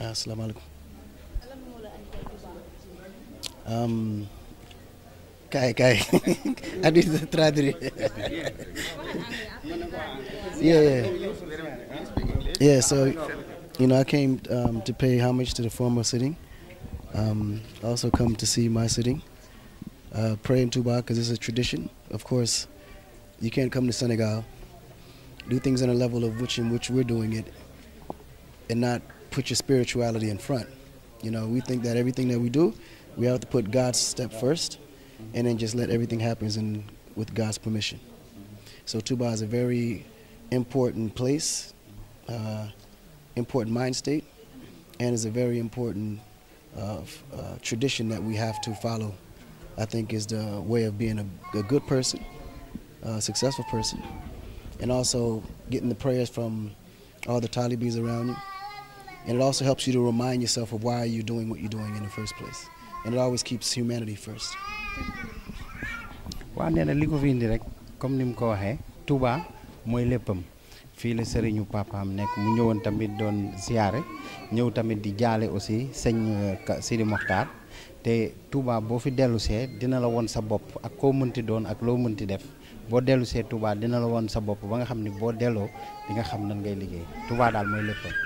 asalaamaaleykum kaay kaay I need yeah yeah yeah so you know I came um, to pay homage to the former sitting um, also come to see my sitting uh, pray in Tuba because it's a tradition of course you can't come to Senegal do things on a level of which in which we're doing it and not put your spirituality in front. You know, we think that everything that we do, we have to put God's step first, and then just let everything happen in, with God's permission. So Tuba is a very important place, uh, important mind state, and is a very important uh, uh, tradition that we have to follow. I think is the way of being a, a good person, a successful person, and also getting the prayers from all the talibis around you. And it also helps you to remind yourself of why you're doing what you're doing in the first place. And it always keeps humanity waa nee na li ko fi indi rek comme ni mu ko waxee Touba mooy léppam fii la sëriñu papaam nekk mu ñëwoon tamit doon ziyaare ñëw tamit di jaale aussi sëñ euh, Sidi Mokhtar te tubaa boo fi dellusee dina la woon sa bopp ak koo mënti doon ak loo mënti def boo dellusee tubaa dina la woon sa bopp ba nga xam ni boo delloo di nga xam nag ngay liggéey Touba daal mooy léppam.